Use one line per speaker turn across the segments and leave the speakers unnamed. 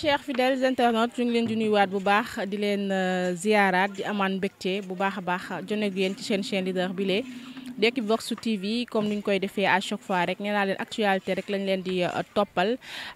chers fidèles internautes ñu ngi leen di nuyuwaat bu baax di leen euh, ziaraat di amaan mbégte bu baax a baax jonne ak ci seen chaîne leader bi di Equivox TV comme ni ñu koy defee à chaque fois rek nee naa leen actualité rek lañ leen di euh, toppal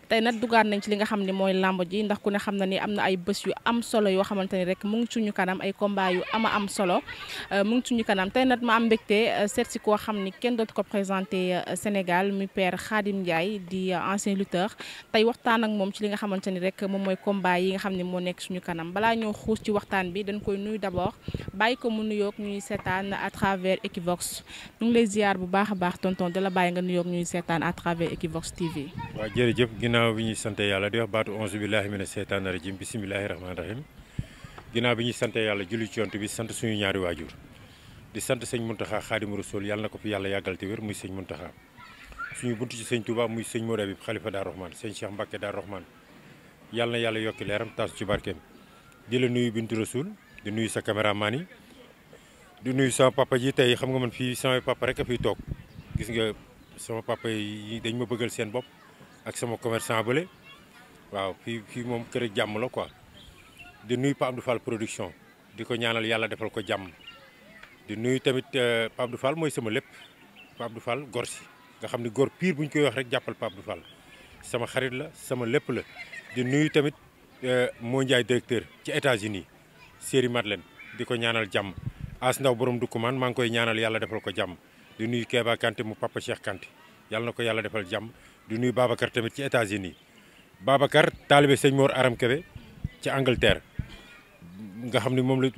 tey nag dugaat nañ ci li nga xam ne mooy làmb ji ndax ku ne xam na ni am na ay bés yu am solo yoo xamante ni rek mu ngi suñu kanam ay combat yu ama am solo euh, mu ngi suñu kanam tey nag ma am mbégte euh, seet si koo xam ni kenn dootu ko présenté Sénégal muy père Khadim Ndiaye di ancien lutteur tey waxtaan ak moom ci li nga xamante ni rek moom mooy combat yi nga xam ne moo nekk suñu kanam balaa ñoo xuus ci waxtaan bi dañ koy nuyu d'abord bàyyi ko mu nuyoog ñuy seetaan à travers Equivox ñu ngi lay ziar bu baax a baax tonton di la bàyyi nga nuyoog ñuy seetaan à travers Equivox TV. waaw
jërëjëf ginnaaw bi ñuy sant yàlla di wax baatu onze billahi mina seytaani rajim bisimilahi rahmaani rahim ginnaaw bi ñuy sant yàlla julli ci yonent bi sant suñu ñaari waajur di sant sëñ Muntaxa Xaadimu Rasuul yàlla na ko fi yàlla yàggal te wér muy sëñ Muntaxa suñu buntu ci sëñ Touba muy sëñ Modou Habib xalifa Daar Rahman sañ Cheikh Mbacke Daar Rahman yàlla na yàlla yokki leeram taas ci barkeem di la nuyu Bintu Rasuul di nuyu sa caméraman yi di nuyu sama papa ji tey xam nga man fii sama papa rek a fiy toog gis nga sama papa yi dañ ma bëggal seen bopp ak sama commerçant bële waaw fii fii moom kër jàmm la quoi di nuyu Pape production di ko ñaanal yàlla defal ko jàmm di nuyu tamit euh, Pape Abdou Fall mooy sama lépp Pape Abdou Fall gor si nga xam ni gor pire bu ñu koy wax rek jàppal Pape Abdou Fall sama xarit la sama lépp la di nuyu tamit euh, moo Ndiaye directeur ci États-Unis Série Madeleine di ko ñaanal jàmm as ndaw borom dukkumaan maa ngi koy ñaanal yàlla defal ko jàmm di nuyu Kéba Kanté mu papa Cheikh Kanté yàlla na ko yàlla defal jàmm di nuyu Babacar tamit ci États-Unis Babacar taalibe sëñ Mor Aram Kebe ci Angleterre nga xam ne moom la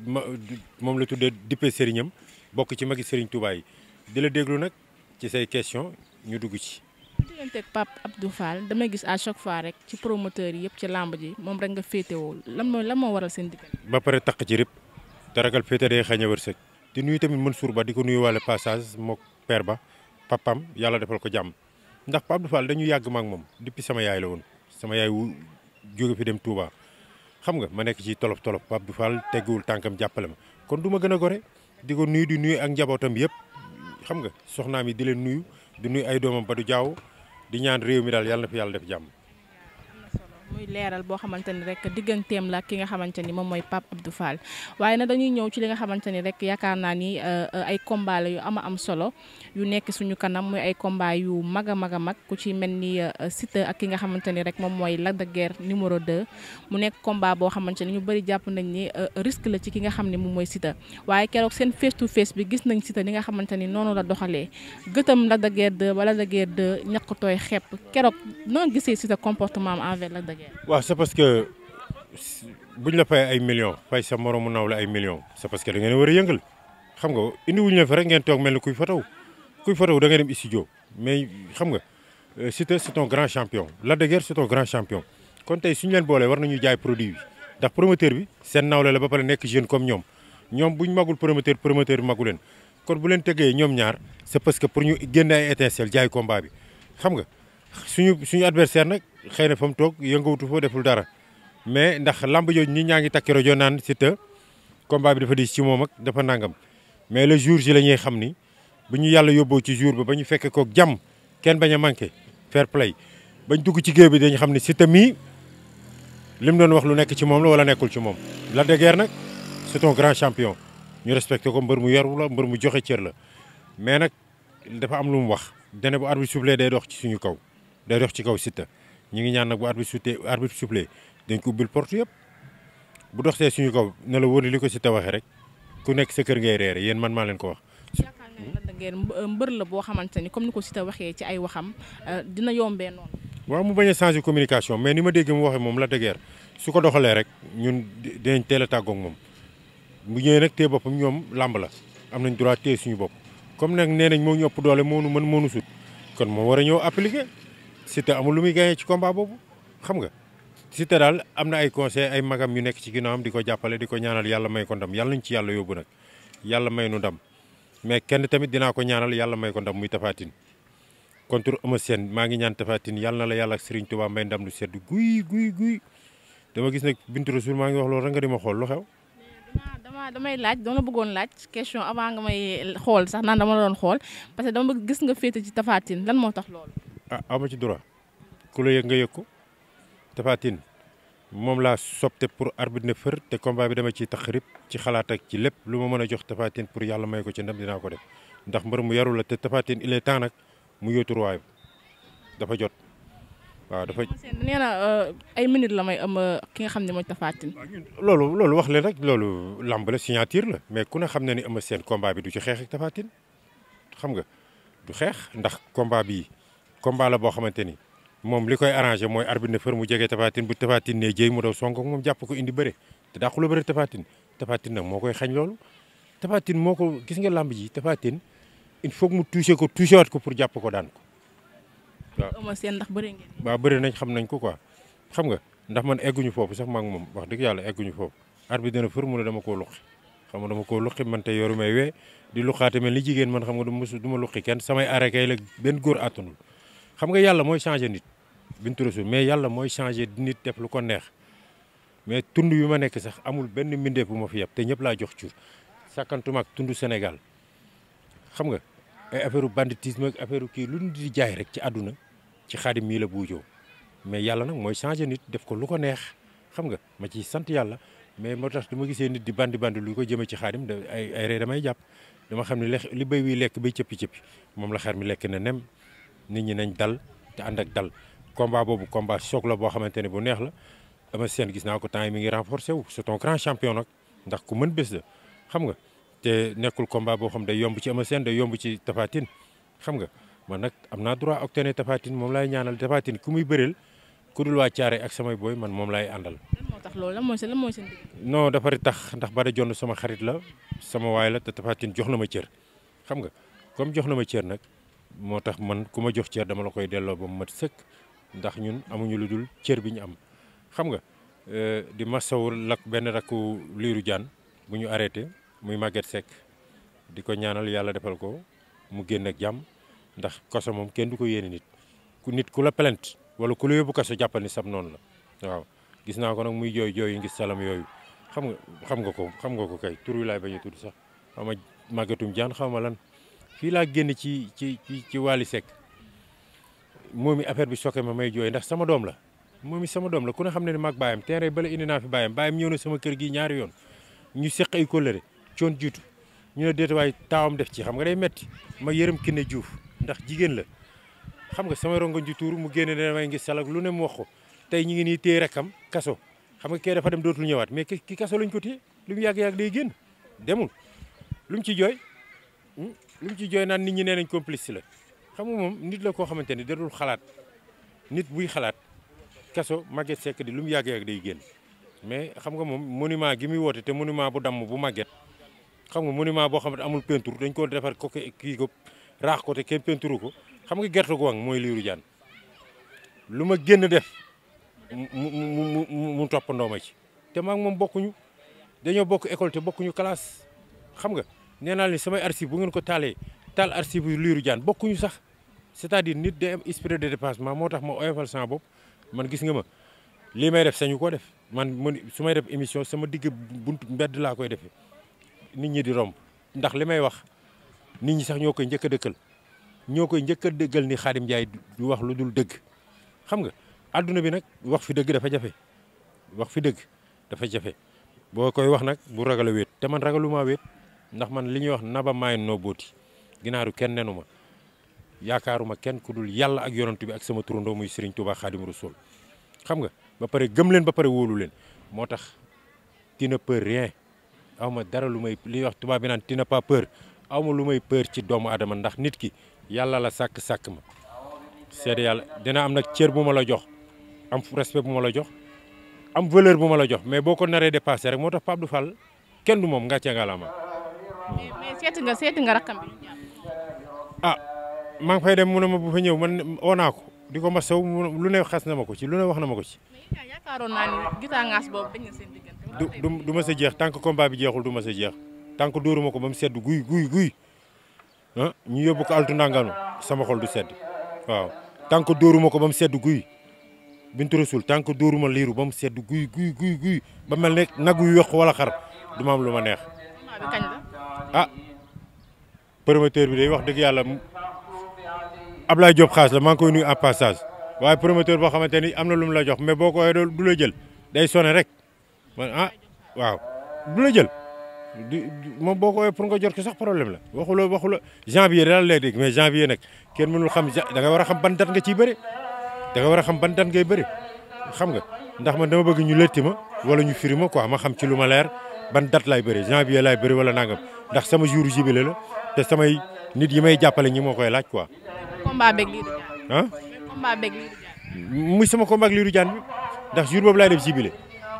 moom tuddee dippe sëriñam bokk ci magi sëriñ Touba di la déglu nag ci say question ñu dugg ci.
digganteeg Pape Abdou Fall damay gis à chaque fois rek ci promoteur yi yëpp ci làmb ji moom rek nga féetewoo lan mooy lan moo waral seen diggante.
ba pare taq ci rëpp. te ragal féete day xañ a wërsëg di nuyu tamit Mansour Ba di ko nuyu waale passage mook père ba papam yàlla defal ko jàmm ndax Pape Abdou Fall dañu yàgg maak moom depuis sama yaay la woon sama yaay wu jóge fi dem Touba xam nga ma nekk ci tolof tolof Pape Abdou Fall tegguwul tànkam jàppale ma kon du ma gën a gore di ko nuyu di nuyu ak njabootam yëpp xam nga soxnaam yi di leen nuyu di nuyu ay doomam ba du jaaw di ñaan réew mi daal yàlla na fi yàlla def jàmm
muy leeral boo xamante ni rek digganteem la ki nga xamante ni moom mooy Pape Abdou Fall waaye nag dañuy ñëw ci li nga xamante ni rek yaakaar naa ni euh, euh, ay combat la yu ama am solo yu nekk suñu kanam muy ay combat yu mag a mag a mag ku ci mel ni euh, Siteu ak ki nga xamante ni rek moom mooy Lac de numéro 2 mu nekk combat boo xamante ni ñu bëri jàpp nañ ni risque la ci ki nga xam ni moom mooy Siteu waaye keroog seen face to face bi gis nañ Siteu li nga xamante ni noonu la doxalee gëtam Lac de Guiers 2 wala Lac de Guiers 2 ñàkk keroog noo gisee Siteu comportement am envers Lac
waaw c'est parce que buñ la fay ay millions fay sa moromu naw la ay millions c'est parce que da ngeen war a yëngal xam nga indi wuñu leen fa rek ngeen toog mel ni kuy fotow kuy fotow da ngay dem studio mais xam nga Siteu c'est un grand champion Lac de Guiers c'est un grand champion kon tey suñu leen boolee war nañu jaay produit bi ndax promoteur bi seen nawle la ba pare nekk jeune comme ñoom ñoom buñ magul promoteur promoteur bi magu leen kon bu leen tëggee ñoom ñaar c'est parce pour ñu génne ay étincelle jaay combat bi xam nga suñu xëy na fa mu toog yëngawutu fa deful dara mais ndax lamb jooju ñi ñaa ngi takki rajo naan Siteu combat bi dafa diis ci moom ak dafa nangam mais le jour ji la ñuy xam ni bu ñu yàlla yóbboo ci jour bi ba ñu fekkee kook jàmm kenn bañ a manqué fair play bañ dugg ci géew bi dañu xam ne Siteu mii li mu doon wax lu nekk ci moom la walla nekkul ci moom. Lac de Guiers nag c'est un grand champion ñu respecté ko mbër mu yaru la mbër mu joxe cër la mais nag dafa am lu mu wax dana bu arbitre soufflé day dox ci suñu kaw day dox ci kaw Siteu. ñu ngi ñaan nag bu arbitre sute arbitre soufflé dañ ko ubbil porte yëpp bu see suñu kaw ne la wóor li ko si waxee rek ku nekk sa kër ngay reere yéen man maa leen ko wax
euh, mbër la boo xamante ni comme ni ko Siteu waxee ci ay waxam euh, dina yombee noonu.
waaw mu bañ a changer communication mais ni ma dégg mu waxee moom la dëgër su ko doxalee rek ñun dinañ teel a tàggoog moom bu ñëwee nag téye boppam ñoom làmb la am nañ droit téye suñu bopp comme nag nee nañ moo ñu ëpp doole moo nu mën moo nu sut kon moo war ñëw appliquer. Siteu amul lu muy gagné ci combat boobu xam nga Siteu daal am na ay conseil ay magam yu nekk ci am di ko jàppale di ko ñaanal yàlla may ko ndam yàlla ñu ci yàlla yóbbu nag yàlla may nu ndam mais kenn tamit dinaa ko ñaanal yàlla may ko ndam muy Tafatine contre Eumeu seen maa ngi ñaan Tafatine yàlla na la yàlla ak Serigne Touba may ndam lu sedd guy guy guy dama gis nag Bintu Rasul maa ngi wax loolu rek nga di ma xool lu xew.
dama damay laaj dama la bëggoon laaj question avant nga may xool sax naan dama la xool parce que dama gis nga féete ci Tafatine lan moo tax loolu.
ama ci droit ku la yëg nga yëg ko Tapha moom laa sopte pour arbitre ne fër te combat bi dama ciy taxarib ci xalaat ak ci lépp lu ma mën a jox Tapha pour yàlla may ko ci ndam dinaa ko def ndax mu yarul la te Tapha Tine mu yóotu dafa jot waaw dafa.
nee euh, ay minutes la may am euh, ki nga xam ne mooy Tapha
loolu loolu wax leen rek loolu lamb la signature la mais ku ne xam ne ni am seen combat bi du ci xeex ak Tapha xam nga du xeex ndax combat bi combat la boo xamante ni moom li koy arrangé mooy arbitre ne fër mu jege tafatine bu tafatine ne jéy mu daw sonko moom jàpp ko indi bëre te daa xula bëre tafatine tafatine nag moo koy xañ loolu tafatine moo ko gis nga làmb ji tafatine il faut mu touché ko touché waat ko pour jàpp ko daan ko waaw
seen ndax bëri ngeen
waaw bëri nañ xam nañ ko quoi xam nga ndax man egguñu foofu sax maak moom wax dëgg yàlla egguñu foofu arbitre dina fër mu ne dama koo luqi xam nga dama ko luqi man te yoru may di luqaate mel jigéen man xam nga du ma luqi kenn samay arrêt kay la benn góor àttanul xam nga yàlla mooy changer nit Bintu mais yàlla mooy changer nit def lu ko neex mais tund bi ma nekk sax amul benn mbindeef bu ma fi yab te ñëpp laa jox cur sàkkantuma ak tund Sénégal xam nga ay affaire banditisme ak kii lu ñu di jaay rek ci àdduna ci xaadim mii la buujoo mais yàlla nag mooy changer nit def ko lu ko neex xam nga ma ciy sant yàlla mais moo tax dama gisee nit di bandi bandi lu ko jëme ci xaadim ay ay damay jàpp dama xam ne li bay wi lekk bay cëppi cëppi moom la xar mi lekk na nem nit ñi nañ dal te ànd ak dal combat boobu combat choc la boo xamante ne bu neex la Eumeu seen gis naa ko temps yi mi ngi renforcé wu c'est un grand champion nag ndax ku mën bés la xam nga te nekkul combat boo xam day yomb ci Eumeu seen day yomb ci Tapha xam nga man nag am naa droit octane Tapha moom laay ñaanal Tapha Tine ku muy bëreel ku ak samay booy man moom laay àndal.
moo tax loolu lan mooy seen lan mooy seen
non dafari tax ndax Bada Dione sama xarit la sama waay la te Tapha jox na ma cër xam nga comme jox na ma cër nag. moo tax man ku ma jox cër dama la koy delloo ba mu mat sëkk ndax ñun amuñu lu dul cër bi ñu am xam nga euh, di masawul lak benn rakku liiru jaan bu ñu arrêté muy Maguette Seck di ko ñaanal yàlla defal ko mu génn ak jàmm ndax kaso moom kenn du ko yéene nit ku nit ku la plainte wala ku la yóbbu kaso jàppal ni sam noonu la waaw gis naa ko nag muy jooy jooy ngi salam yooyu xam nga xam nga ko xam nga ko kay tur wi laay tudd sax xaw ma màggatum jaan xaw ma lan fii laa génn ci ci ci ci Wally Seck moom i affaire bi choqué ma may jooy ndax sama doom la moom i sama doom la ku ne xam ne ne maag baayam terrain bala indi naa fi baayam baayam ñëw sama kër gi ñaari yoon ñu seq ay kóllëre coon jiitu ñu ne déet waay taawam def ci xam nga day metti ma yërëm Kiné Diouf ndax jigéen la xam nga sama rongoñ ji tuur mu génne ne damay ngi salak lu ne mu wax tey ñu ngi nii téye rekkam kaso xam nga kee dafa dem dootul ñëwaat mais ki kaso lañ ko téye lu mu yàgg-yàgg day génn demul lu mu ci jooy hmm? lu ci jooy naan nit ñi nee nañ complice la xam nga moom nit la koo xamante ni dadul xalaat nit buy xalaat kaso Maguette Seck di lu mu yàgg yàgg day génn mais xam nga moom monument gi muy woote te moniment bu damm bu Maguette xam nga monument boo xam ne amul peinture dañ ko defar ko kii ko raax ko te kenn ko xam nga gerte gu wànq mooy liiru jaan lu ma génn def mu mu mu mu toppandoo ma ci te maa moom bokkuñu dañoo bokk école te bokkuñu classe xam nga. nee naa leen samay archive bu ngeen ko taalee taal archive yu Lirou Diane bokkuñu sax c'est-à-dire nit day am esprit de dépassement moo tax ma oyofal sama bopp man gis nga ma lii may def sañu koo def man man su may def émission sama digg bunt mbedd laa koy defee nit ñi di romb ndax li may wax nit ñi sax ñoo koy njëkk a dëkkal ñoo koy njëkk a dëggal ni Khadim Ndiaye du wax lu dul dëgg xam nga àdduna bi nag wax fi dëgg dafa jafe wax fi dëgg dafa jafe boo koy wax nag bu ragal a man ragaluma wéet ndax man li ñuy wax naba maay noo booti ginaaru kenn nenu ma yaakaaruma kenn ku dul yàlla ak yonent bi ak sama turandoo muy Serigne Touba Khadim Rasoul xam nga ba pare gëm leen ba pare wóolu leen moo tax tu ne peur rien aw ma dara lu may li wax tubaab bi naan tu n'as pas aw ma lu may peur ci doomu aadama ndax nit ki yàlla la sàkk sàkk ma. seede yàlla dina am nag cër bu ma la jox am respect bu ma la jox am valeur bu ma la jox mais boo ko naree de dépassé rek moo tax Pape Abdou Fall kenn du moom ngàcce ngalaama
mais mais seeti nga seeti nga rakkam bi.
Ah, fay dem mu ne ma bu fa ñëw man oo naa ko di ko masaw lu ne xas na ma ko ci lu ne wax na ma ko ci. mais du ma sa jeex tant que combat bi jeexul du ma sa jeex tant que dóoruma ko ba mu sedd guy guy guy ah, ñu yóbbu ko altu sama xol du sedd waaw tant dóoruma ko ba mu sedd guy. bintu rasul tant que ma liiru ba mu sedd guy guy guy guy ba mel ne nag yu weq wala xar du ma am lu ma neex. ah promoteur bi day wax dëgg yàlla Ablaye Diop xaas la maa ngi koy nuyu à passage waaye promoteur boo xamante ni am na lu mu la jox mais boo ko waxee du la jël day sone rek man ah waaw du la jël moom boo ko waxee pour nga jot ko sax problème la waxula waxula janvier daal lay dégg mais janvier nag kenn mënul xam da nga war a xam ban date nga ciy bëri danga war a xam ban date ngay bëri xam nga ndax man dama bëgg ñu letti ma wala ñu firi ko quoi ma xam ci lu ma leer ban date laay bëri janvier laay bëri wala nangam ndax sama jour jibile la te samay nit yi may jàppale ñi moo koy laaj quoi.
combat beeg Lirou Diane. ah combat beeg Lirou
Diane. muy sama combat ak Lirou bi ndax jour boobu laay def jibile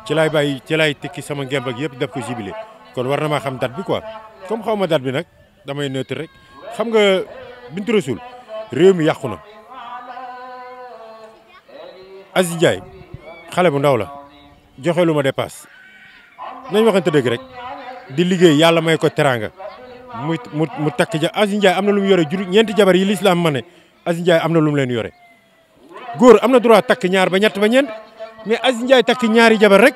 ci laay bàyyi ci laay tekki sama ngemb ak yëpp def ko jibile kon war na maa xam date bi quoi comme xaw ma date bi nag damay neutre rek xam nga bintu rasul réew mi yàqu na. Aziz xale bu ndaw la joxe lu ma dépasse nañ waxante dëgg rek. di liggéey yàlla may ko teranga mu mu mu takk ja Aziz Ndiaye am na lu mu yore jur ñeenti jabar yi lislaam ma ne Aziz Ndiaye am na lu mu leen yore góor am na droit takk ñaar ba ñett ba ñeent mais Aziz Ndiaye takk ñaari jabar rek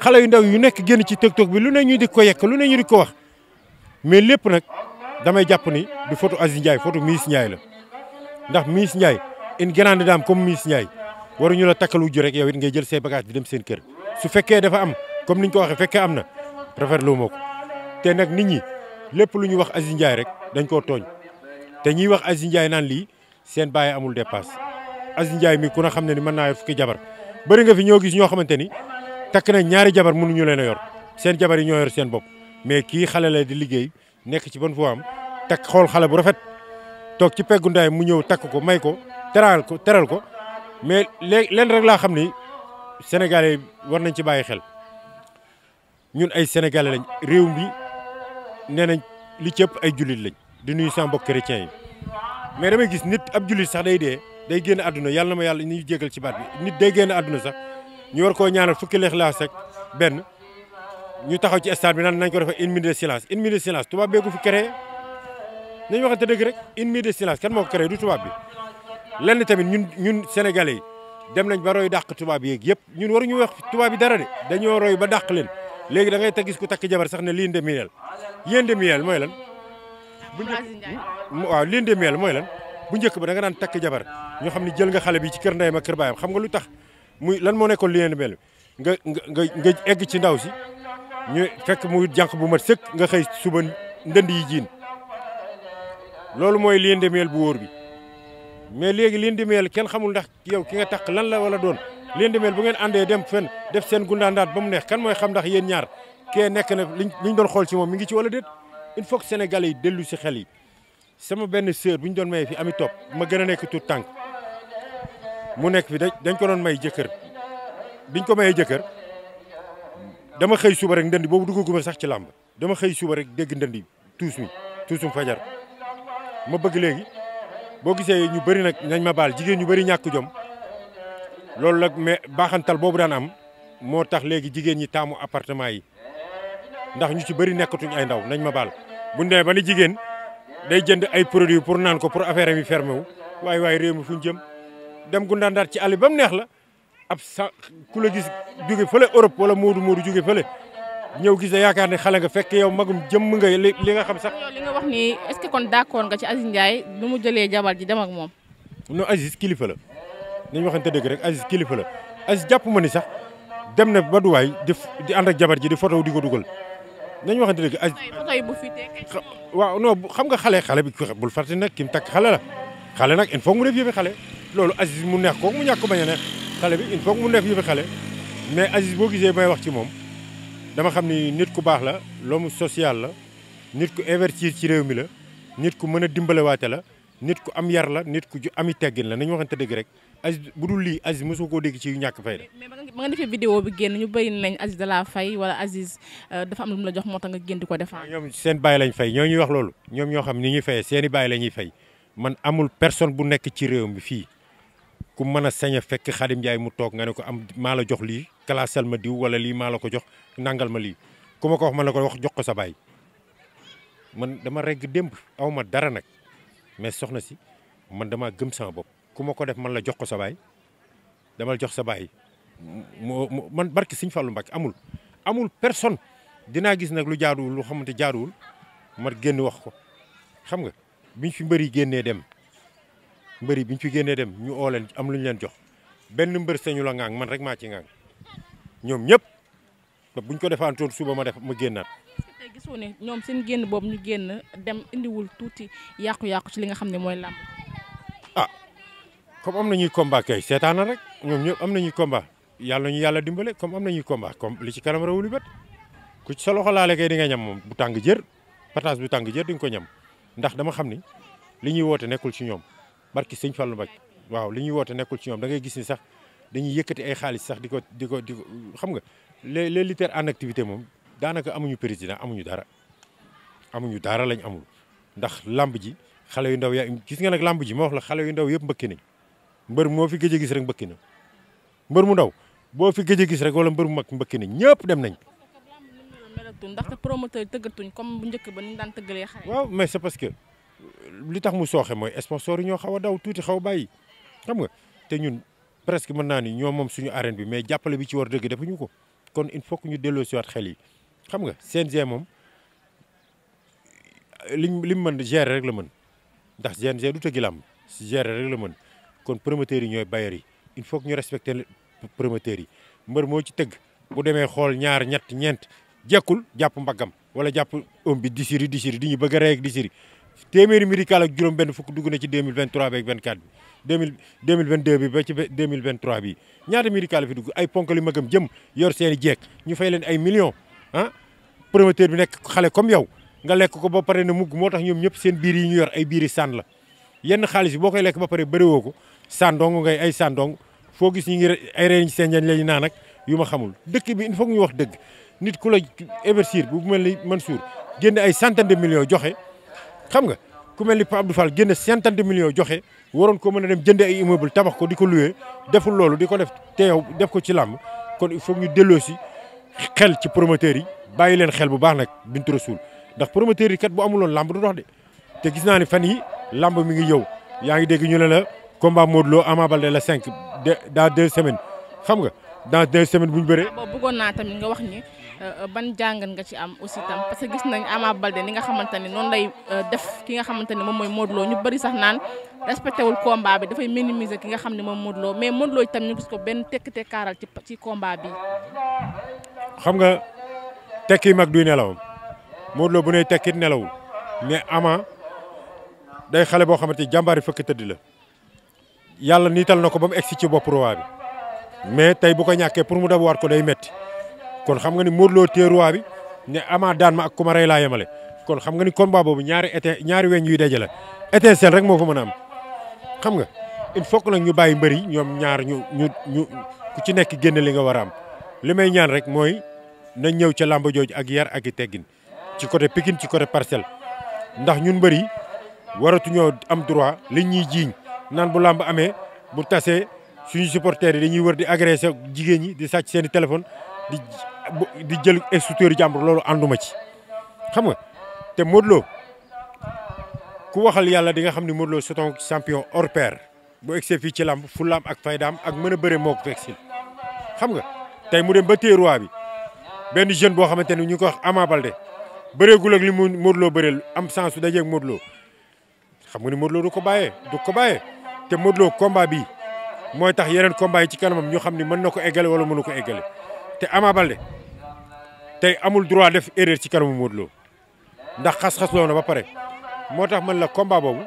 xale yu ndaw yu nekk génn ci TikTok bi lu ne ñu di ko yekk lu ne ñu di ko wax mais lépp nag damay jàpp ni du photo Aziz Ndiaye photo Miss Ndiaye la ndax Miss Ndiaye une grande dame comme Miss Ndiaye ñu la takkalu ju rek yow it ngay jël say bagage dem seen kër su fekkee dafa am comme niñ ko waxee fekkee am na rafetlu ma ko te nag nit ñi lépp lu ñu wax Aziz Ndiaye rek dañ ko tooñ te ñiy wax Aziz Ndiaye naan lii seen bàyyi amul dépasse Aziz Ndiaye mi ku ne xam ne ni mën naa yor fukki jabar bëri nga fi ñoo gis ñoo xamante ni takk na ñaari jabar ñu leen a yor seen jabar yi ñoo yor seen bopp mais kii xale la di liggéey nekk ci ban foo am takk xool xale bu rafet toog ci peggu ndaay mu ñëw takk ko may ko teraal ko teral ko mais léegi leen rek laa xam ni sénégalais war nañ ci bàyyi xel ñun ay sénégalais lañ réew mi nee nañ li ci ëpp ay jullit lañ di nuyu sama mbokk chrétien yi mais damay gis nit ab jullit sax day dee day génn àdduna yàlla na ma yàlla ñu jégal ci baat bi nit day génn àdduna sax ñu war koo ñaanal fukki lixlaas ak benn ñu taxaw ci stade bi naan nañ ko defee une minute de silence une minute de silence tubaab bee ko fi créé nañu waxante dëgg rek une minute de silence kan moo ko créé du tubaab bi lenn tamit ñun ñun sénégalais yi dem nañ ba roy yeeg yëpp ñun waruñu wax tubaab yi dara de dañoo roy ba dàq leen léegi da ngay ta gis ku takk jabar sax ne liin de miel lune de miel mooy lan. bu njëkk waaw lune mooy lan bu njëkk ba da nga daan takk jabar ñoo xam ni jël nga xale bi ci kër nday ma kër baayam xam nga lu tax muy lan moo nekkoon lune de miel nga nga nga egg ci ndaw si ñu fekk muy jànq bu mat sëkk nga xëy suba ndënd yi jiin loolu mooy lune de miel bu wóor bi mais léegi lune de miel kenn xamul ndax yow ki nga takk lan la wala doon. leen di bu ngeen àndee dem fenn def seen gundaandaat ba mu neex kan mooy xam ndax yéen ñaar kee nekk na liñ liñ doon xool ci moom mi ngi ci wala déet il faut que yi dellu si xel yi sama benn sœur bu ñu doon may fi ami topp ma gën a nekk tout tànk mu nekk fi dañ ko doon may jëkkër biñ ko mayee jëkkër dama xëy suba rek ndënd boobu duggaguma sax ci làmb dama xëy suba rek dégg ndënd tuus mi tuusum fajar ma bëgg léegi boo gisee ñu bëri nag nañ ma baal jigéen ñu bari ñàkk jom loolu nag mais baaxantal boobu daan am moo tax léegi jigéen ñi taamu appartement yi ndax ñu ci bëri nekkatuñ ay ndaw nañ ma baal bu ñu demee jigéen day jënd ay produits pour naan ko pour affaire am yi fermé wu waaye waaye réew mi fu ñu jëm dem gu ndaandaat ci àll ba mu neex la ab sa ku la gis jóge fële Europe wala Moodu Moodu jóge fële ñëw gis yaakaar ne xale nga fekk yow magum jëmm nga li nga xam sax.
li nga est-ce que kon d'accord nga ci Aziz Ndiaye nu mu jëlee jabar ji dem ak moom.
non Aziz kilifa la. dañu waxante dëgg rek Aziz kilifa la Aziz jàpp ma ni sax dem na ba Dubaay di di ànd ak jabar ji di photo di ko dugal nañu waxante dëgg Aziz waaw non xam nga xale xale bi bul fàtte nag ki mu takk xale la xale nag il faut mu def yëfi xale loolu Aziz mu neex kooku mu ñàkk ko bañ a neex xale bi il faut mu neex yëfi xale mais Aziz boo gisee may wax ci moom dama xam ni nit ku baax la l'homme social la nit ku investir ci réew mi la nit ku mën a dimbalewaate la nit ku am yar la nit ku ju ami teggin la nañu waxante dëgg rek Aziz bu dul lii Aziz mosoo koo dégg ci ñàkk fayda mais
ba nga defee vidéo bi génn ñu bëri nañ Aziz da laa fay wala Aziz euh, dafa am lu mu la jox moo tax nga génn ko defaa ñoom
seen bàyyi lañ fay ñoo ñuy wax ñoom ñoo xam ni ñuy fayee seen i la ñuy fay man amul personne bu nekk ci réew mi fii ku mën a sañ a fekk Xadim Njaay mu toog nga ne ko am maa la jox lii classal ma diw wala lii maa la ko jox nangal ma lii ku ma ko wax ma la ko wax jox ko sa baay man dama regg démb aw ma dara nag mais soxna si man dama gëm sama bopp ku ma ko def man la jox ko sa baay damal jox sa baay moo man barki Sëñ lu Mbacké amul amul personne dinaa gis nag lu jaaduwul lu xamante jaaduwul ma génn wax ko xam nga biñ fi mbëri génnee dem mbëri biñ fi génnee dem ñu oo am lu leen jox benn mbër sañu la ngaang man rek maa ci ngaang ñoom ñëpp buñ ko defaantoon suba ma def ma génnaat.
gisoo ne ñoom seen génn boobu ñu génn dem indiwul tuuti yàqu-yàqu ci li nga xam ne mooy làmb.
comme am nañuy combat kay seetaan na rek ñoom ñëpp am nañuy combat yàlla ñu yàlla dimbale comme am nañuy combat comme li ci kanam rawuli bët ku ci sa loxo laale kay di nga ñam moom bu tàng jër pataas bu tàng jër di ko ñam ndax dama xam ni li ñuy woote nekkul ci ñoom barki sëñ Fallou Mbacké waaw li ñuy woote nekkul ci ñoom da ngay gis ni sax dañuy yëkkati ay xaalis sax di ko di ko di xam nga les les lutteurs en activité moom daanaka amuñu président amuñu dara amuñu dara lañ amul ndax lamb ji xale yu ndaw gis nga nag lamb ji ma wax la xale yu ndaw yëpp mbëkki nañ mbër moo fi gëj a gis rek mbëkki na mbër mu ndaw boo fi gëj a gis rek wala mbër mu mag mbëkki na ñëpp dem nañ.
ndax ndaxte promoteur yi tëggatuñ comme bu njëkk ba ni daan tëggalee xale.
waaw mais c'est parce que li tax mu sooxee mooy sponsor yi ñoo xaw a daw tuuti xaw a bàyyi xam nga te ñun presque mën naa ni ñoo moom suñu arène bi mais jàppale bi ci war dëgg ñu ko kon il faut ñu delloo si siwaat xel yi xam nga CNG moom li liñ limu mën gérer rek la mën ndax CNG du tëggi làmb gérer rek la mën kon promoteurs yi ñooy bailleurs yi il faut que ñu respecter promoteurs yi mbër moo ci tëgg bu demee xool ñaar ñett ñeent jekkul jàpp mbaggam wala jàpp om bi di siri di ñu bëgg a rey ak di siri téeméeri médical ak juróom benn fukk dugg na ci 2023 beeg 24 bi 2000 2022 bi ba ci 2023 bi ñaata médical fi dugg ay ponk li magam jëm yor seen i jeeg ñu fay leen ay million ah promoteur bi nekk xale comme yow nga lekk ko ba pare na mugg moo tax ñoom ñëpp seen biir yi ñu yor ay biiri sànn la yenn xaalis bi boo koy lekk ba pare bëriwoo ko sandong ngay ay sandong foo gis ñi ngi ay reeriñ seen njëriñ la ñu naan ak yu ma xamul dëkk bi il faut ñu wax dëgg nit ku la éversir bu mel ni Mansour génne ay centaine de millions joxe xam nga ku mel ni Pape Abdou Fall génne centaine de million joxe waroon ko mën a dem jënd ay immeuble tabax ko di ko loué deful loolu di ko def te teew def ko ci làmb kon il faut ñu delloo si xel ci promoteurs yi bàyyi leen xel bu baax nag Bintou Rassoul ndax promoteurs yi kat bu amuloon làmb du dox de te gis naa ni fan yi làmb mi ngi yow ngi dégg combat Modou Lo Ama la 5 de dans deux semaines xam nga dans deux semaines bu ñu bëree.
boobu bëggoon naa tamit nga wax ni euh, ban jàngat nga ci am aussi tam parce que gis nañ Ama Baldé ni nga xamante ne noonu lay euh, def ki nga xamante ne moom mooy Modou ñu bëri sax naan respecté wul combat bi dafay minimiser ki nga xam ne moom Modou mais Modou Lo itam ñu ko benn tekk-tekk kaaral ci ci combat bi.
xam nga tekki mag duy nelawam Modou bu nee tekkit nelawul mais Ama day xale boo xamante ni jàmbaari fëkk tëdd la. yàlla niital na ko ba mu egsi ci bopp roi bi mais tey bu ko ñàkkee pour mu dabuwaat ko day metti kon xam nga ni Modou Lo téye roi bi ne Ama daan ma ak ku rey laa yemale kon xam nga ni combat boobu ñaari été ñaari weñ dajale étincelle rek moo fa mën a am xam nga il faut que nag ñu bàyyi mbëri ñoom ñaar ñu ñu ñu ku ci nekk génn li nga war a am li may ñaan rek mooy na ñëw ca làmba jooju ak yar ak i teggin ci côté Pikine ci côté Parcelles ndax ñun mbër yi waratuñoo am droit li ñuy jiiñ naan bu làmb amee bu tasee suñu supporters yi dañuy war di agressé jigéen ñi di sàcc seeni i téléphone di di jël instructeur jàmbur loolu ànduma ci xam nga te Modou Lo ku waxal yàlla di nga xam ni Modou Lo c'est un champion hors bu egsee fii ci làmb fullaam ak faydaam ak mën a bëre moo ko fekk si xam nga tey mu dem ba téye bi benn jeune boo xamante ni ñu ngi ko wax Ama Baldé bëreegul ak li mu Modou Lo bëreel am sens su dajeeg xam nga ni Modou Lo ko bàyyee du te Modou Lo combat bi mooy tax yeneen combat yi ci kanamam ñu xam ni mën na ko eggale mën mënu ko eggale te Ama Baldé tey amul droit def erreur ci kanamu Modou Lo ndax xas-xas loo na ba pare moo tax mën la combat boobu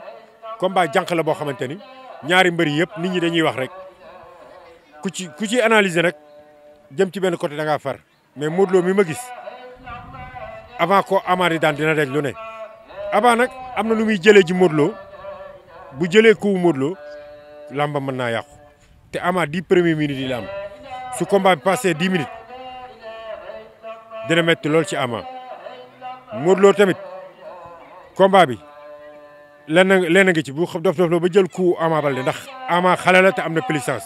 combat jànq la boo xamante ni ñaari mbëri yëpp nit ñi dañuy wax rek ku ci ku ci analyser nag jëm ci benn côté da ngaa far mais Modou Lo mi ma gis avant ko Ama di daan dina daj lu ne. Ama nag am na lu muy jëlee ji Modou bu jëlee kuwu Modou lamba mën naa yàqu te ama di premières minutes di la su combat bi passé dix minutes dina metti loolu ci ama Modou Lo tamit combat bi lenn lenn nga ci bu dof dof la ba jël ku Ama Baldé ndax ama xale la am na puissance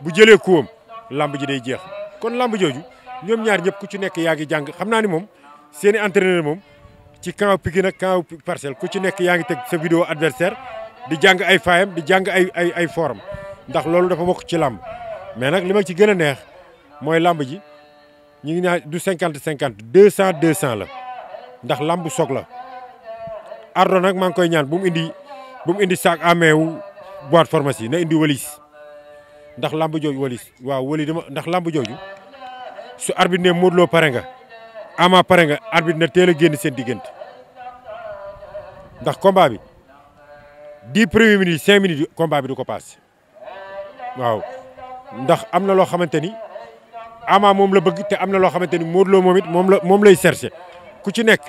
bu jëlee kuwam lamb ji day jeex kon lamb jooju ñoom ñaar ñëpp ku ci nekk yaa ngi jàng xam naa ni moom seen i entraîneur moom ci camp Pikine ak camp Parcelles ku ci nekk yaa ngi teg sa vidéo adversaire di jàng ay faayam di jàng ay ay ay forum ndax loolu dafa bokk ci làmb mais nag li ma ci gën a neex mooy làmb ji ñu ngi naa du cinquante cinquante deux cent deux cent la ndax làmb soog la ardo nag maa ngi koy ñaan bu mu indi bu mu indi saak ameewu boîte pharmacie na indi walis ndax làmb jooju walis waaw wali dama ndax làmb jooju su arbitre ne Modou pare nga ama pare nga arbitre na teel a génn seen diggante ndax combat bi dix premières minutes cinq minutes combat bi du ko paas waaw ndax am na loo xamante ni Ama moom la bëgg te am na loo xamante ni Modou loo moom it moom la moom lay cherché ku ci nekk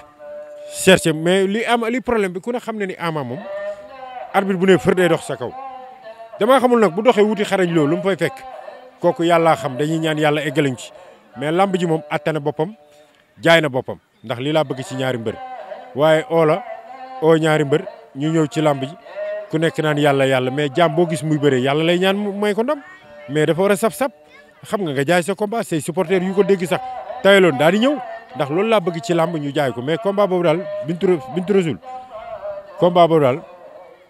cherché mais li am li problème bi ku ne xam ne ni Ama moom arbitre bu ne fër day dox sa kaw damaa xamul nag bu doxee wuti xarañ loolu lu mu fay fekk kooku yàllaa xam dañuy ñaan yàlla eggalañ ci mais làmb ji moom atta boppam jaay na boppam ndax lii laa bëgg ci ñaari mbër waaye ñaari mbër ñu ñëw ci lamb ji ku nekk naan yàlla yàlla mais jaam boo gis muy bëre yàlla lay ñaan may ko ndam mais dafa war a sab-sab xam nga nga jaay sa combat say supporters yu ko dégg sax tayaloon daal di ñëw ndax loolu laa bëgg ci làmb ñu jaay ko mais combat boobu daal bintu bintu rasul combat boobu daal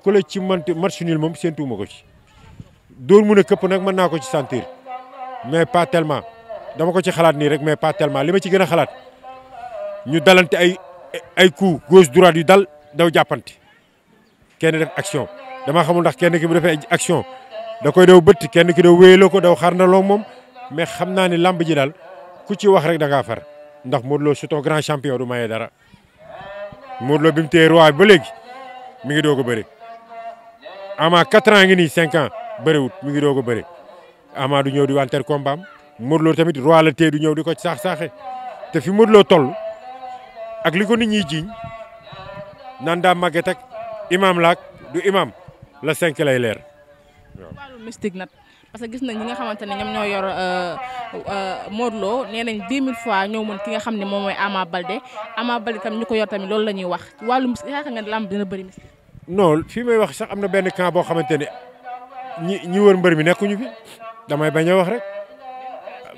ku la ci mënti match nul moom séentuwuma ko ci dóor mu a këpp nag mën naa ko ci sentir mais pas tellement dama ko ci xalaat nii rek mais pas tellement li ma ci gën a xalaat ñu dalante ay ay coup gauche droite yu dal daw jàppante kenn def action dama xamul ndax kenn ki bu defee action da koy daw bëtt kenn ki daw wéyaloo ko daw xarnaloo moom mais xam naa ni lamb ji daal ku ci wax rek da ngaa far ndax Modou Lo surtout grand champion du maye dara Modou Lo bi mu téye roi ba léegi mi ngi doog a bëri ama 4 ans ngi nii 5 ans bëriwut mi ngi doo a bëri ama du ñëw di wanteer kombaam Modou Lo tamit roi la téye du ñëw di ko saax saaxe te fi Modou Lo toll ak li ko nit jiiñ naan daa màgget imaam laak du imaam la cinq lay leer
waaw. mystique nag parce que gis nañ ñi nga xamante ne ñoom ñoo yor euh, euh, Modou Lo nee nañ dix mille fois ñoo mën ki nga xam ne moom mooy Ama Balde Ama Balde tam ñu ko yor tamit loolu la ñuy wax wàllu mystique yaakaar nga lamb dina bëri mystique.
non fii may wax sax am na benn camp boo xamante ne ñi ñi wër mbër mi nekkuñu fi damay bañ a wax rek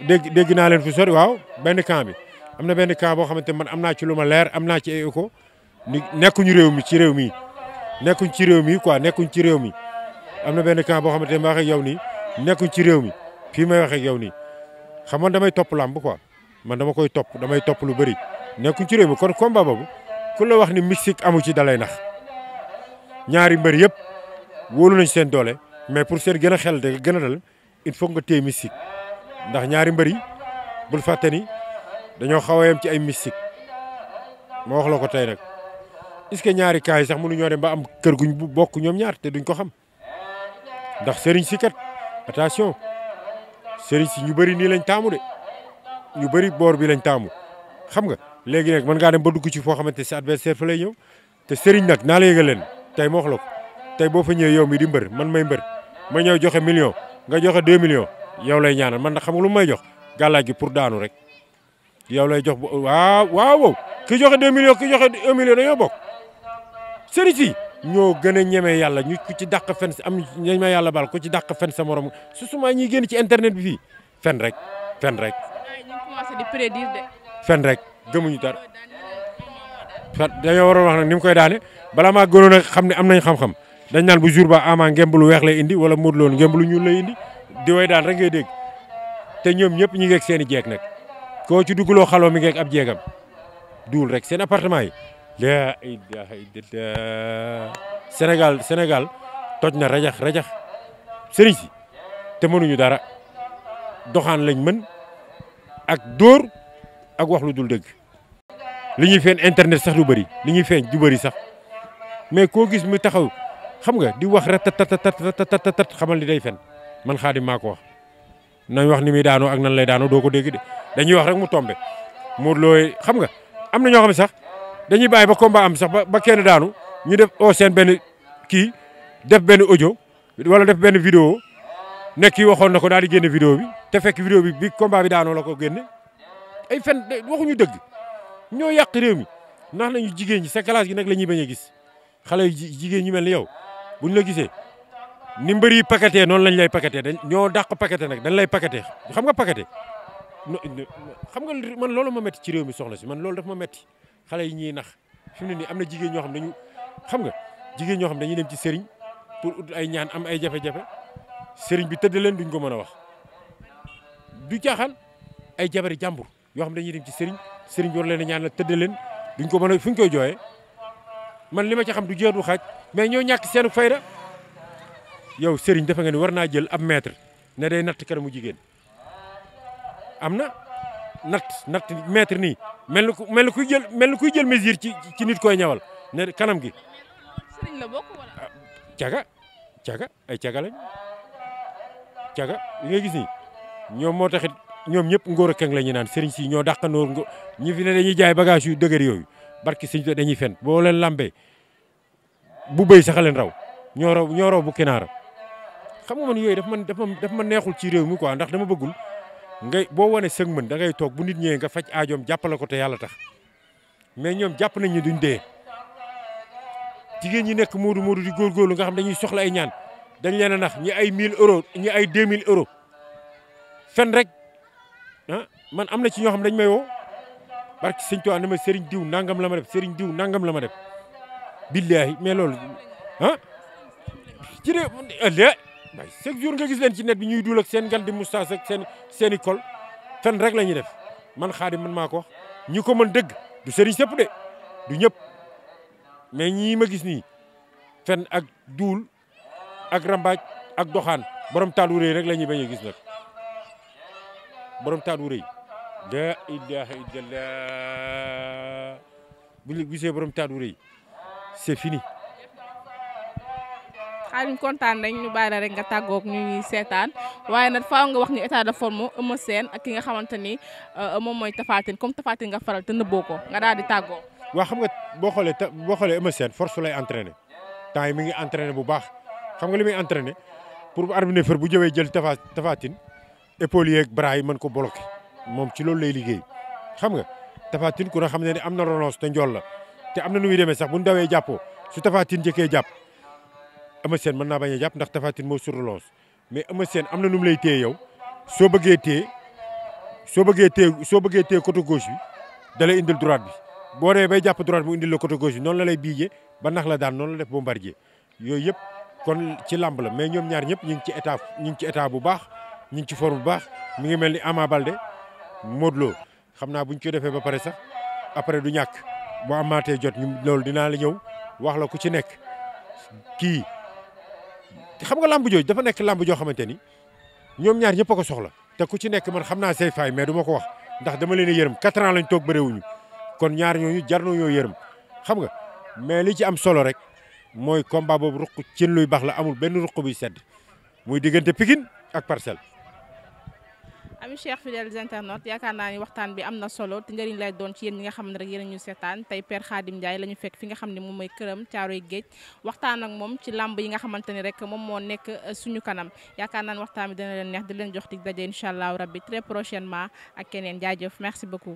dégg dégg naa leen fu sori waaw benn camp bi am na benn camp boo xamante man am naa ci lu leer am naa ci ay nekkuñu réew mi ci réew mi. nekkuñ ci réew mi quoi nekkuñ ci réew mi am na benn camp boo xamante ne ma wax ak yow nii nekkuñ ci réew mi fii may wax ak yow nii xam man damay topp làmb quoi man dama koy topp damay topp lu bëri nekkuñ ci réew mi kon combat boobu ku la wax ni mystique amu ci dalay nax ñaari mbër yëpp wóolu nañ seen doole mais pour seen gën a xel de gën a dal il faut nga téye mystique ndax ñaari mbër yi bul fàtte ni dañoo xaw a yem ci ay mystique moo wax la ko tey nag. est-ce que ñaari cas yi sax mënuñoo dem ba am kër guñ bu bokk ñoom ñaar te duñ ko xam ndax sëriñ si kat attention sëriñ si ñu bëri nii lañ taamu de ñu bëri boor bi lañ taamu xam nga léegi nag mën ngaa dem ba dugg ci foo xamante sa adversaire fa lay ñëw te sëriñ nag naa la yëgal leen tey ma wax la ko tey boo fa ñëwee yow mi di mbër man may mbër ma ñëw joxe million nga joxe 2 million yow lay ñaanal man nag xam nga lu may jox gàllaaj gi pour daanu rek yow lay jox waaw waaw ki joxe 2 millions ki joxe bokk. sëriñ si ñoo gën a ñeme yàlla ñu ku ci dàq fen am nañ yàlla baal ku ci dàq fen sa morom su suma ñuy génn ci internet bi fii fen rek fen rek. fen rek gëmuñu dara fen dañoo waroon wax nag ni mu koy daane bala maa gënoon a xam ne am nañ xam-xam dañ naan bu jour ba ama ngemb lu weex lay indi wala Modou Lo ngemb lu ñuul lay indi di daan rek ngay dégg te ñoom ñëpp ñu ngeeg seeni i jeeg nag koo ci dugguloo xaloo mi ngeeg ab jeegam duul rek seen appartement yi. laa ilaha illallah Sénégal Sénégal toj na rajax rajax sëriñ si te mënuñu dara doxaan lañ mën ak dóor ak wax lu dul dëgg li ñuy feen internet sax lu bari li ñuy feeñ du bari sax mais koo gis mu taxaw xam nga di wax ratatatatatatat xamal di day fen man xaadim maa ko wax nañ wax ni muy daanoo ak nan lay daanoo doo ko dégg de dañuy wax rek mu tombe mu looy xam nga am na ñoo xam ne sax dañuy bàyyi ba combat am sax ba ba daanu ñu def au benn kii def benn ojo wala def benn vidéo nekk kii waxoon na ko daal di génne vidéo bi te fekk vidéo bi bi combat bi daanoo la ko génne ay fen waxuñu dëgg ñoo yàq réew mi ndax nañu jigéen ñi sa classe gi nag la ñuy a gis xale yu jigéen ñi mel ni yow buñ la gisee ni mbër yi paqueté noonu lañ lay paqueté dañ ñoo dàq paqueté nag dañ lay paqueté xam nga paqueté xam nga man lool ma metti ci réew mi soxna si man loolu daf ma metti xale yi ñii nax fi ne nii am na jigéen ñoo xam dañu xam nga jigéen ñoo xam dañuy dem ci sëriñ pour ay ñaan am ay jafe-jafe sëriñ bi tëdd leen duñ ko mën a wax du caaxaan ay jabari jàmbur yoo xam dañu dem ci sëriñ sëriñ bi war leen a ñaan la tëdd duñ ko mën a fu ñu koy jooyee man li ma ci xam du jeex du xaaj mais ñoo ñàkk seenu fayda yow sëriñ defe nga ni war naa jël ab mètre ne day natt kanamu jigéen am na. natt natt mètre nii mel ni ku mel ni kuy jël mel ni kuy jël mesure ci ci nit koy ñawal ne kanam gi. sëriñ caga ah, caga ay caga lañ caga nga gis ñoom moo taxit ñoom ñëpp ngóor a keng la ñu naan sëriñ si ñoo dàqandoor ngo ñi fi ne dañuy jaay bagage yu dëgër yooyu barki sëriñ bi dañuy fen boo leen lambee bu béy sax leen raw ñoo raw ñoo raw bu kinaara xam nga man yooyu daf man daf ma neexul ci réew mi ko quoi ndax dama bëggul. ngay boo wanee sëg mën da toog bu nit ñëwee nga faj aajoom jàppale ko te yàlla tax mais ñoom jàpp nañ ñu duñ dee jigéen ñi nekk moodu moodu di góorgóorlu nga xam dañuy soxla ay ñaan dañ leen a nax ñi ay 1000 euro ñi ay 2000 euros fen rek ah, man am na ci ñoo xam dañ may woo barki sëñ Tuubaa na ma sëriñ diw nangam la ma def sëriñ diw nangam la ma def billaahi mais loolu ah ci de waaye chaque jour nga gis leen ci net bi ñuy duul ak seen ngal di moustache seen seen i col fen rek la ñuy def man xaadim man maa ko wax ñi ko mën dëgg du sëriñ sëpp de du ñëpp mais ñii ma gis nii fen ak duul ak rambaaj ak doxaan borom taal wu rek la ñuy bañ a gis nag borom taal wu rëy la ilaha illallah gisee borom taal wu rëy
xaalis kontaan nañ ñu bàyyi rek nga tàggoog ñu ñuy seetaan waaye nag faaw nga wax ñu état de forme nga xamante ni euh, moom mooy Tapha Tine comme Tapha nga faral te nëbboo ko nga daal di tàggoo.
waaw xam nga boo xoolee boo xoolee Eumeu Sène force lay entraîné temps yi mi ngi entraîné bu baax xam nga li muy entraîné pour bu arbitre bu jëwee jël Tapha Tapha Tine épaules yeeg bras yi mën ko bloqué moom ci loolu lay liggéey xam nga Tapha Tine ku xam ne am na relance te njool la te am na nu muy demee sax bu ñu dawee jàppoo su Tapha Tine jëkkee jàpp Eumeu Sène mën naa bañ a jàpp ndax Tapha Tine moo sur relance mais soo bëggee téye soo bëggee téye soo bëggee téye côté bi da indil droite bi boo dee bay jàpp droite mu indil la côté gauche noonu la lay biijee ba nax la daan noonu la def bombardier yooyu yëpp kon ci làmb la mais ñoom ñaar ñëpp ñu ngi ci état ñu ngi ci état bu baax ñu ngi ci forme bu baax mi ngi mel ni Ama Baldé Modou Lo xam naa buñ ko defee ba pare sax après du ñàkk boo amaatee jot loolu dinaa la ñëw wax la ku ci nekk kii xam nga làmb jooju dafa nekk làmb joo xamante ni ñoom ñaar ñëpp ko soxla te ku ci nekk man xam naa say faay mais du ko wax ndax dama leen a yërëm quatre lañ toog bëreewuñu kon ñaar ñooñu jar nañoo yërëm xam nga mais li ci am solo rek mooy combat boobu ruq cin luy baax la amul benn ruq buy sedd muy diggante Pikine ak Parcelles
ami chers fidèles internautes yaakaar naa ni waxtaan bi am na solo te njëriñ lay doon ci yéen ñi nga xam ne rek yéen ñu seetaan tey Père Khadim Ndiaye la fekk fi nga xam ne moom mooy këram Caaroy Géej waxtaan ak moom ci làmb yi nga xamante ni rek moom moo nekk euh, suñu kanam yaakaar naa ni waxtaan bi dina leen neex di leen jox dig daje incha allahu rabbi très prochainement ak keneen jaajëf merci beaucoup